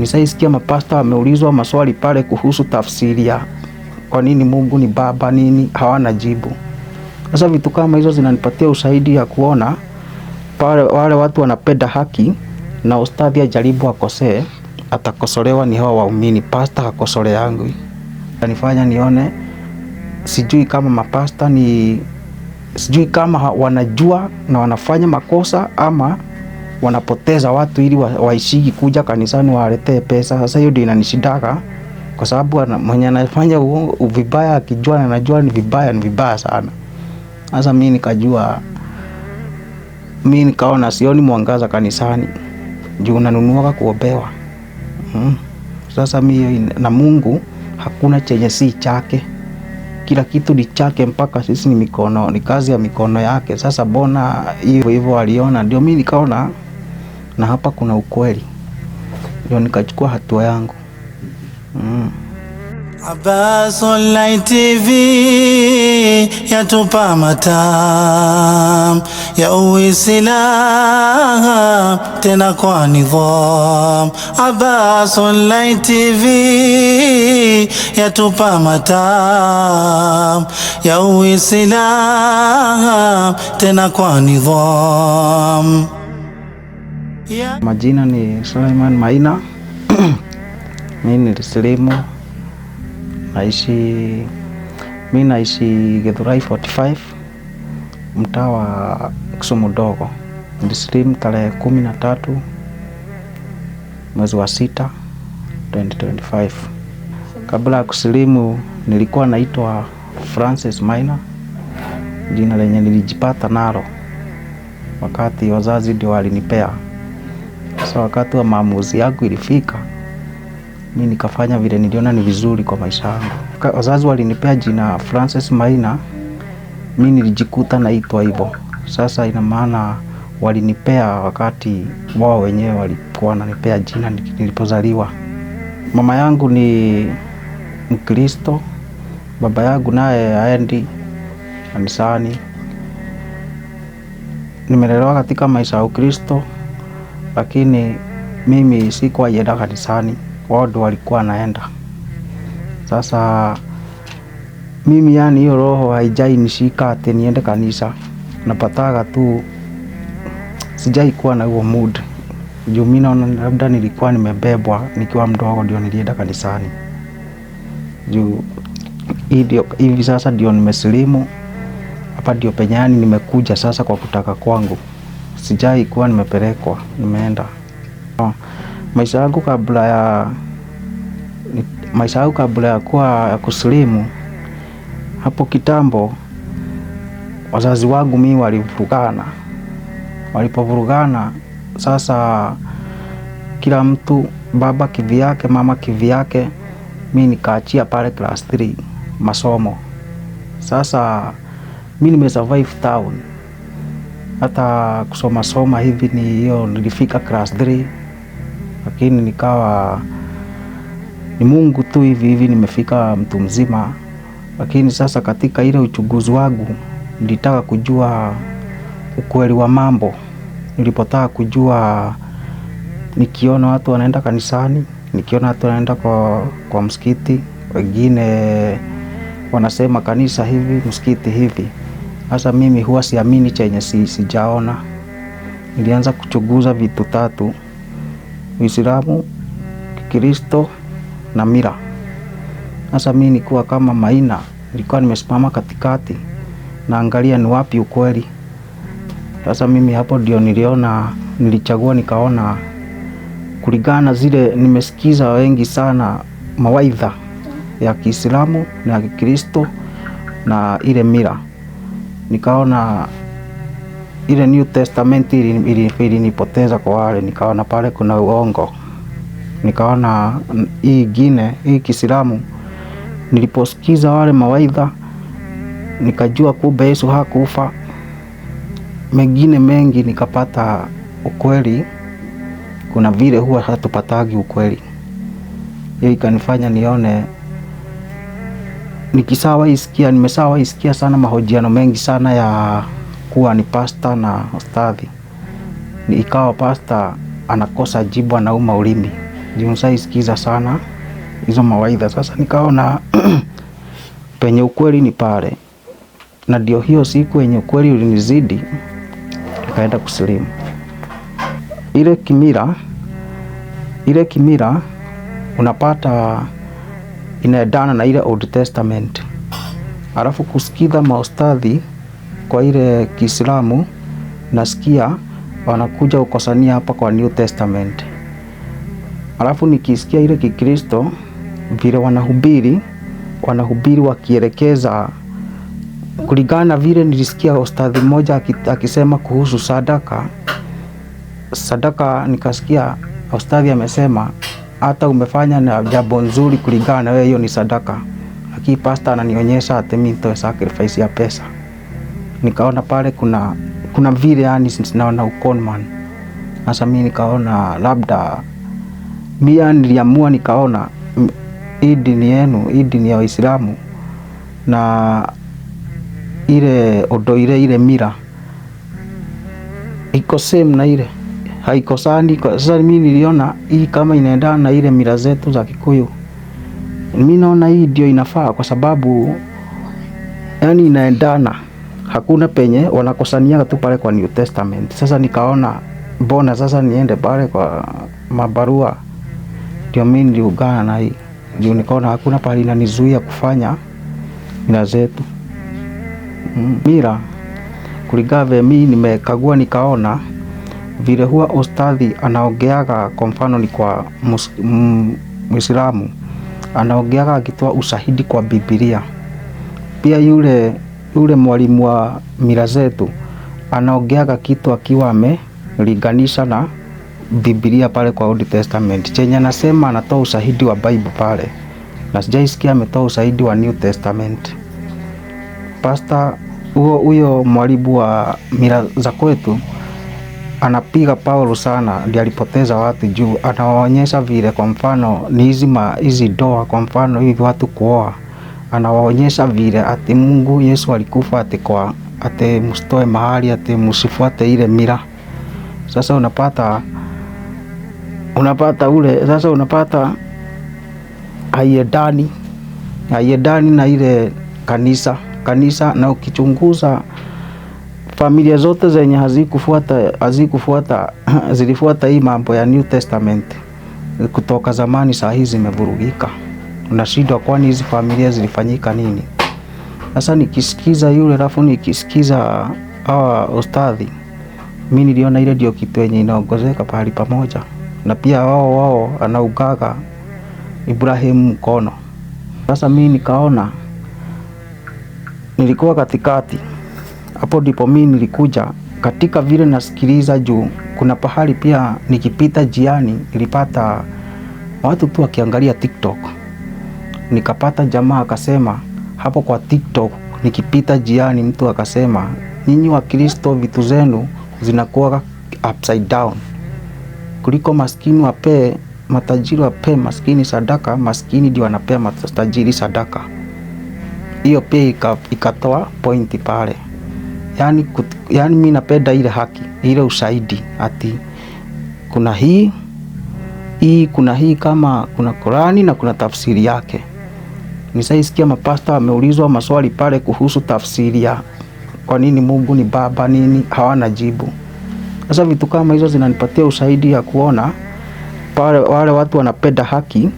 Nisaisikia mapasta wameulizwa maswali pale kuhusu tafsiri ya kwa nini Mungu ni baba nini, hawana jibu. Sasa vitu kama hizo zinanipatia ushahidi ya kuona pale wale watu wanapenda haki na ustadhi ajaribu akosee, atakosolewa ni hawa waumini. Pasta akosole yangu anifanya nione, sijui kama mapasta ni sijui kama wanajua na wanafanya makosa ama wanapoteza watu ili waishiki kuja kanisani waletee pesa. Sasa hiyo ndio inanishidaka kwa sababu mwenye anafanya vibaya akijua na anajua ni vibaya, ni vibaya sana. Sasa mimi nikajua, mimi nikaona sioni mwangaza kanisani juu unanunuaka kuombewa hmm. Sasa mimi na Mungu hakuna chenye si chake, kila kitu ni chake, mpaka sisi ni mikono, ni kazi ya mikono yake. Sasa bona hivyo hivyo aliona, ndio mimi nikaona na hapa kuna ukweli, ndio nikachukua hatua yangu mm. Abbas Online TV yatupa matam ya uisilam tena kwa nidham. Abbas Online TV yatupa matam ya uisilam tena kwa nidham yeah. Majina ni Suleiman Maina mi nilisilimu, naishi mi naishi Githurai 45 mtaa wa Kisumu ndogo. Nilisilimu tarehe kumi na tatu mwezi wa sita 2025. Kabla ya kusilimu nilikuwa naitwa Francis Maina, jina lenye nilijipata nalo wakati wazazi ndio walinipea sasa wakati wa maamuzi yangu ilifika, mi nikafanya vile niliona ni vizuri kwa maisha yangu. Wazazi walinipea jina Francis Maina, mi nilijikuta naitwa hivyo. Sasa ina maana walinipea wakati wao wenyewe walikuwa wananipea jina nilipozaliwa. Mama yangu ni Mkristo, baba yangu naye aendi kanisani. Nimelelewa katika maisha ya Ukristo lakini mimi sikuwa jenda kanisani, wao ndo walikuwa naenda. Sasa mimi yani, hiyo roho haijai nishika ati niende kanisa, napataga tu, sijai kuwa na huo mood juu mimi naona labda nilikuwa nimebebwa nikiwa mdogo, ndio nilienda kanisani juu hivi sasa ndio nimesilimu hapa, ndio penyani nimekuja sasa kwa kutaka kwangu sijai kuwa nimepelekwa, nimeenda maisha yangu kabla ya maisha yangu kabla ya kuwa ya kusilimu hapo kitambo, wazazi wangu mi walivurugana. Walipovurugana sasa, kila mtu baba kivyake, mama kivyake, mi nikaachia pale class 3 masomo. Sasa mi nimesurvive town hata kusoma soma hivi ni hiyo, nilifika class 3 lakini nikawa ni Mungu tu hivi hivi, nimefika mtu mzima. Lakini sasa katika ile uchunguzi wangu nilitaka kujua ukweli wa mambo. Nilipotaka kujua, nikiona watu wanaenda kanisani, nikiona watu wanaenda kwa, kwa msikiti, wengine wanasema kanisa hivi, msikiti hivi sasa mimi huwa siamini chenye si, sijaona. Nilianza kuchunguza vitu tatu: Uislamu, Kikristo na mira. Sasa mimi nikuwa kama Maina, nilikuwa nimesimama katikati, naangalia ni wapi ukweli. Sasa mimi hapo ndio niliona, nilichagua, nikaona kulingana zile nimesikiza wengi sana mawaidha ya Kiislamu na Kikristo na ile mira nikaona ile New Testament ilinipoteza kwa wale, nikaona pale kuna uongo, nikaona hii gine hii Kisilamu. Niliposikiza wale mawaidha, nikajua kumbe Yesu hakufa. Mengine mengi nikapata ukweli, kuna vile huwa hatupatagi ukweli. Hiyo ikanifanya nione nikisawa isikia, nimesawa isikia sana mahojiano mengi sana ya kuwa ni pasta na ustadhi, ni ikawa pasta anakosa jibu, anauma ulimi juu isikiza sana hizo mawaidha. Sasa nikaona penye ukweli ni pale, na ndio hiyo siku yenye ukweli ulinizidi, nikaenda kusilimu. Ile kimira ile kimira unapata inaendana na ile Old Testament, alafu kusikiza maustadhi kwa ile Kiislamu nasikia wanakuja ukosania hapa kwa New Testament, alafu nikisikia ile Kikristo vile wanahubiri wanahubiri wakielekeza kulingana vile nilisikia ustadhi mmoja akisema kuhusu sadaka sadaka, nikasikia ustadhi amesema hata umefanya na jambo nzuri kulingana na wewe, hiyo ni sadaka. Lakini pasta ananionyesha ati mimi nitoe sacrifice ya pesa, nikaona pale kuna kuna vile yani sinaona ukonman. Sasa mimi nikaona labda mimi niliamua, nikaona hii dini yenu, hii dini ya Waislamu na ile odoire ile mira iko same na ile haikosani. Kwa sasa mimi niliona hii kama inaendana na ile mila zetu za Kikuyu. Mimi naona hii ndio inafaa kwa sababu yani inaendana, hakuna penye wanakosania tu pale kwa New Testament. Sasa nikaona mbona sasa niende pale kwa mabarua, ndio mimi niliungana na hii ndio nikaona hakuna pale inanizuia kufanya mila zetu hmm, mira kulingana vile mimi nimekagua nikaona vile huwa ustadhi anaongeaga, kwa mfano ni kwa mm, Muislamu anaongeaga akitoa ushahidi kwa Biblia. Pia yule, yule mwalimu wa mila zetu anaongeaga kitu akiwa amelinganisha na Biblia pale kwa Old Testament, chenye anasema anatoa ushahidi wa Bible pale, na sijaisikia ametoa ushahidi wa New Testament. Pasta huyo mwalimu wa mila za kwetu anapiga Paulo sana, ndiye alipoteza watu juu anawaonyesha vile, kwa mfano ni hizi ma hizi doa, kwa mfano hivi watu kuoa, anawaonyesha vile ati Mungu Yesu alikufa ati kwa ati msitoe mahali ati msifuate ile mira. Sasa unapata unapata ule sasa unapata haiendani haiendani na ile kanisa kanisa, na ukichunguza familia zote zenye hazikufuata hazikufuata zilifuata hii mambo ya New Testament kutoka zamani, saa hizi zimevurugika. Unashindwa, kwani hizi familia zilifanyika nini? Sasa nikisikiza yule alafu nikisikiza hawa ustadhi, mimi niliona ile ndio kitu yenye inaongozeka pahali pamoja, na pia wao wao anaugaga Ibrahimu mkono. Sasa mimi nikaona nilikuwa katikati hapo ndipo mimi nilikuja katika vile nasikiliza, juu kuna pahali pia nikipita jiani nilipata watu tu wakiangalia TikTok, nikapata jamaa akasema hapo kwa TikTok nikipita jiani, mtu akasema nyinyi wa Kristo vitu zenu zinakuwa upside down, kuliko maskini wape matajiri wape maskini sadaka, maskini ndio wanapea matajiri sadaka. Hiyo pia ikatoa pointi pale yani, kut, yani mimi napenda ile haki ile usaidi, ati kuna hii hii kuna hii kama kuna Qurani na kuna tafsiri yake. Nisaisikia mapasta wameulizwa maswali pale kuhusu tafsiri ya kwa nini Mungu ni baba nini, hawana jibu. Sasa vitu kama hizo zinanipatia usaidi ya kuona pale wale watu wanapenda haki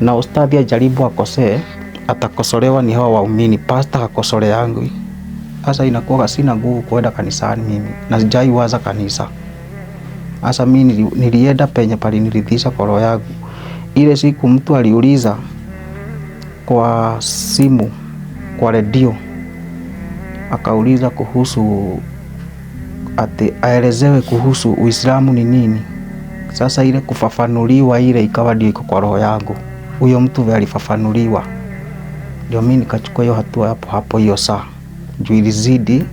na ustadhi ajaribu akosee, atakosolewa ni hawa waumini. Pasta akosoleangu Hasa inakuwa sina nguvu kwenda kanisani mimi na sijai waza kanisa. Hasa mimi nilienda penye pali nilidhisha kwa roho yangu. Ile siku mtu aliuliza kwa simu kwa redio akauliza kuhusu ati aelezewe kuhusu Uislamu ni nini. Sasa ile kufafanuliwa ile ikawa ndio iko kwa roho yangu. Huyo mtu alifafanuliwa, ndio mimi nikachukua hiyo hatua hapo hapo hiyo saa juu ilizidi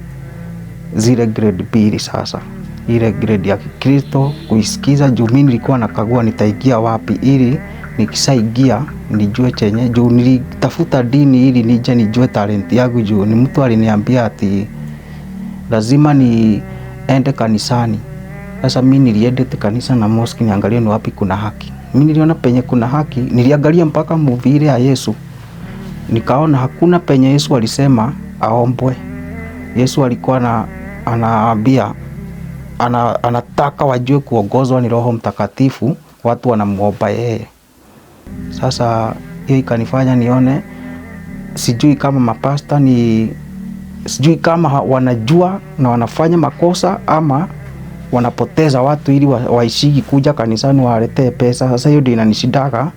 zile grade mbili. Sasa ile grade ya Kikristo kuisikiza, juu mimi nilikuwa nakagua nitaigia wapi, ili nikisaigia nijue chenye, juu nilitafuta dini ili nije nijue talenti yangu, juu ni mtu aliniambia ati lazima niende kanisani. Sasa mimi niliendete kanisa na mosque niangalie ni wapi kuna haki. Mimi niliona penye kuna haki, niliangalia mpaka muvile ya Yesu, nikaona hakuna penye Yesu alisema aombwe. Yesu alikuwa na anaambia ana, anataka wajue kuongozwa ni Roho Mtakatifu, watu wanamwomba yeye. Sasa hiyo ikanifanya nione, sijui kama mapasta ni sijui kama wanajua na wanafanya makosa ama wanapoteza watu ili wa, waishiki kuja kanisani waletee pesa. Sasa hiyo ndio inanishidaka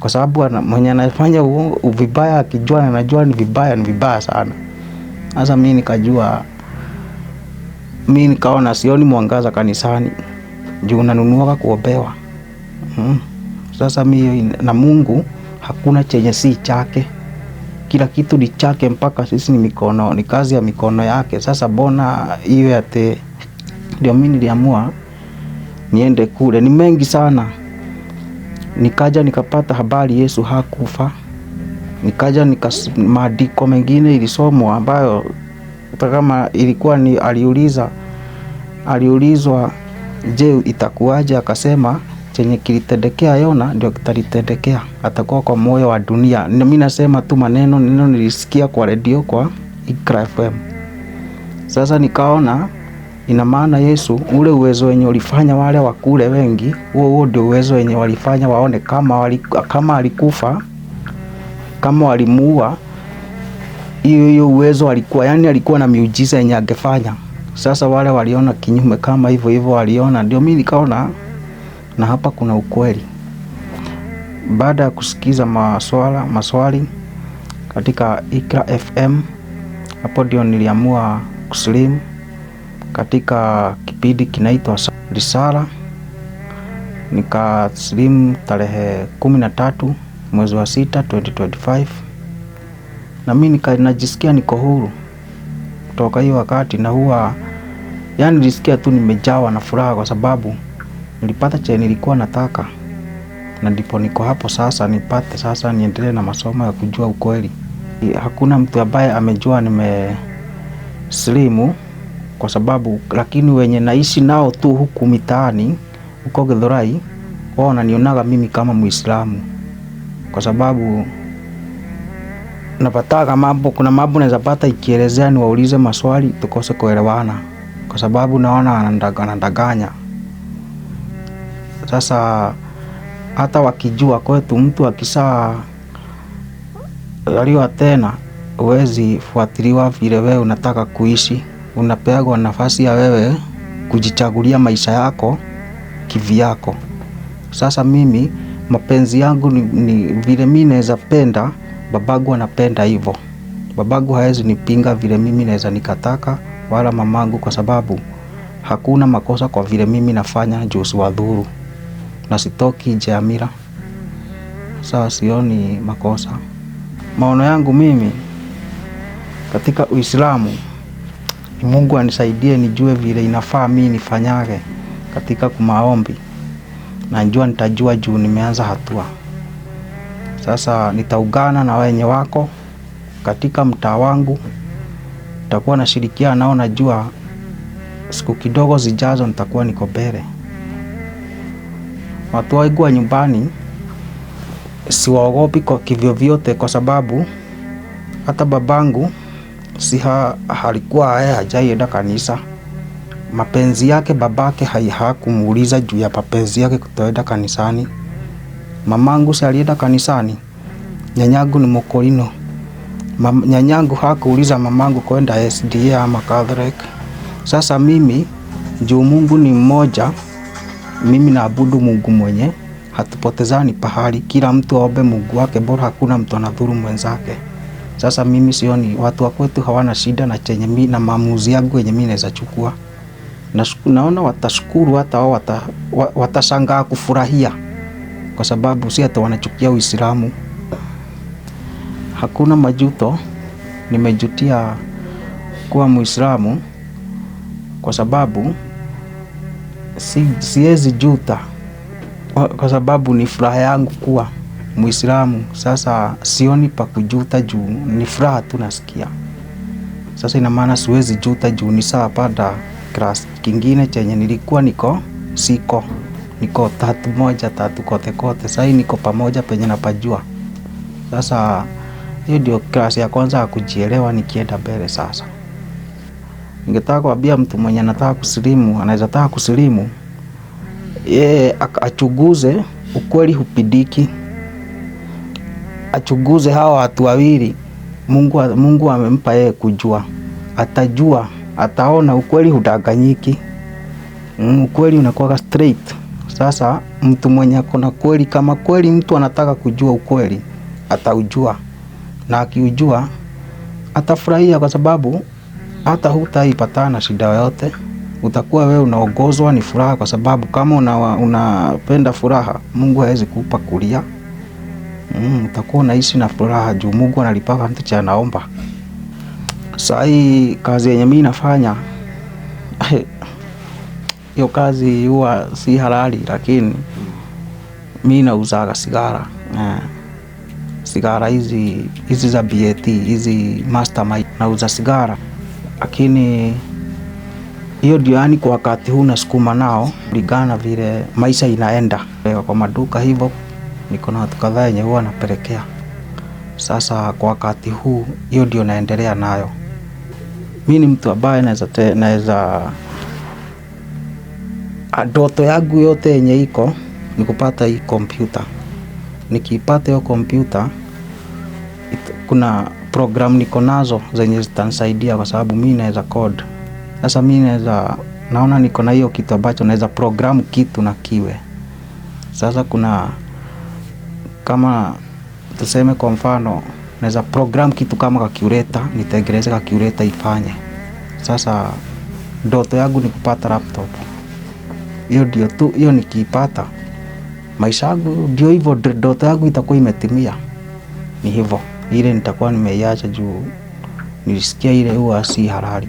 kwa sababu mwenye anafanya vibaya akijua na anajua ni vibaya, ni vibaya sana. Sasa mi nikajua, mi nikaona sioni mwangaza kanisani juu nanunuaga kuombewa mm. Sasa mi na Mungu hakuna chenye si chake, kila kitu ni chake, mpaka sisi ni mikono, ni kazi ya mikono yake. Sasa bona iwe ate, ndio mi niliamua niende kule. Ni mengi sana, nikaja nikapata habari Yesu hakufa nikaja nika maandiko mengine ilisomwa ambayo hata kama ilikuwa ni aliuliza aliulizwa, je, itakuwaje? Akasema chenye kilitendekea Yona ndio kitalitendekea atakuwa kwa moyo wa dunia. Mimi nasema tu maneno neno nilisikia kwa redio kwa Ikra FM. Sasa nikaona ina maana Yesu, ule uwezo wenye ulifanya wale wakule wengi, huo huo ndio uwezo wenye walifanya waone kama, wali, kama alikufa kama walimuua, hiyo hiyo uwezo alikuwa, yani alikuwa na miujiza yenye angefanya. Sasa wale waliona kinyume kama hivyo hivyo, waliona ndio mimi nikaona na hapa kuna ukweli. Baada ya kusikiza maswala maswali katika Ikra FM, hapo ndio niliamua kuslim katika kipindi kinaitwa Risala, nikaslim tarehe kumi na tatu mwezi wa sita 2025 na mimi najisikia niko huru kutoka hiyo wakati, na huwa yani nilisikia tu nimejawa na furaha kwa sababu nilipata chenye nilikuwa nataka, na ndipo niko hapo sasa, nipate sasa niendelee na masomo ya kujua ukweli. Hakuna mtu ambaye amejua nime slimu kwa sababu, lakini wenye naishi nao tu huku mitaani huko Githurai, wao wananionaga mimi kama Muislamu kwa sababu napataka mambo, kuna mambo naweza pata ikielezea, niwaulize maswali tukose kuelewana, kwa sababu naona anadanganya. Sasa hata wakijua kwetu, mtu akisaa aliwa tena, uwezi fuatiliwa vile wewe unataka kuishi, unapewa nafasi ya wewe kujichagulia maisha yako kivi yako. Sasa mimi mapenzi yangu ni, ni vile mimi naweza penda, babangu anapenda hivyo. Babangu hawezi nipinga vile mimi naweza nikataka, wala mamangu, kwa sababu hakuna makosa kwa vile mimi nafanya wa dhuru na sitoki nje ya sioni makosa. Maono yangu mimi katika Uislamu ni Mungu anisaidie nijue vile inafaa mi nifanyage katika kumaombi najua nitajua juu nimeanza hatua. Sasa Nitaugana na wenye wako katika mtaa wangu, nitakuwa nashirikiana nao, najua siku kidogo zijazo nitakuwa niko mbele. Watu wangu wa nyumbani siwaogopi kwa vyote, kwa sababu hata babangu siha alikuwa yeye hajaienda kanisa mapenzi yake babake haiha kumuuliza juu ya mapenzi yake kutoenda kanisani. Mamangu si alienda kanisani, nyanyangu ni mokolino. Mam, nyanyangu hakuuliza mamangu kwenda SDA ama Catholic. Sasa mimi juu Mungu ni mmoja, mimi naabudu Mungu mwenye, hatupotezani pahali, kila mtu aombe Mungu wake, bora hakuna mtu anadhuru mwenzake. Sasa mimi sioni watu wa kwetu hawana shida na chenye mimi na maamuzi yangu yenye mimi naweza chukua na naona watashukuru hata wao wata, watashangaa kufurahia, kwa sababu si hata wanachukia Uislamu. Hakuna majuto, nimejutia kuwa Muislamu kwa sababu si, siwezi juta kwa sababu ni furaha yangu kuwa Muislamu. Sasa sioni pa kujuta juu ni furaha tu nasikia. Sasa ina maana siwezi juta juu ni saa pada class kingine chenye nilikuwa niko siko niko tatu moja tatu kote kote, sasa niko pamoja penye napajua. Sasa hiyo ndio class ya kwanza ya kujielewa. Nikienda mbele sasa, ningetaka kuambia mtu mwenye anataka kusilimu, anaweza taka kusilimu, yeye achuguze ukweli hupidiki, achuguze hawa watu wawili Mungu, Mungu amempa yeye kujua, atajua ataona ukweli hudanganyiki. Mm, ukweli unakuwa straight. Sasa mtu mwenye akona kweli, kama kweli mtu anataka kujua ukweli, ataujua na akiujua atafurahia, kwa sababu hata hutaipatana na shida yoyote. Utakuwa wewe unaongozwa ni furaha, kwa sababu kama unapenda una furaha, Mungu hawezi kupa kulia. Mm, utakuwa unaishi na furaha juu Mungu analipaka mtu cha naomba. Saa hii kazi yenye mimi nafanya hiyo kazi huwa si halali, lakini mimi nauzaga sigara eh. Sigara hizi hizi za BAT hizi mastermind nauza sigara, lakini hiyo ndio yani kwa wakati huu nasukuma nao ligana vile maisha inaenda kwa maduka hivyo, niko na watu kadhaa yenye huwa napelekea sasa. Kwa wakati huu hiyo ndio naendelea nayo mi ni mtu ambaye naweza naweza adoto ah, yangu yote yenye iko ni kupata hii kompyuta. Nikipata hiyo kompyuta, kuna program niko nazo zenye zitanisaidia kwa sababu mi naweza code. Sasa mi naweza naona niko na hiyo kitu ambacho naweza program kitu na kiwe. Sasa kuna kama tuseme kwa mfano naweza program kitu kama calculator, nitengeneze calculator ifanye. Sasa ndoto yangu ni kupata laptop. Hiyo ndio tu, hiyo nikiipata maisha yangu ndio hivyo, ndoto yangu itakuwa imetimia. Ni hivyo, ile nitakuwa nimeiacha juu nilisikia ile huwa si halali.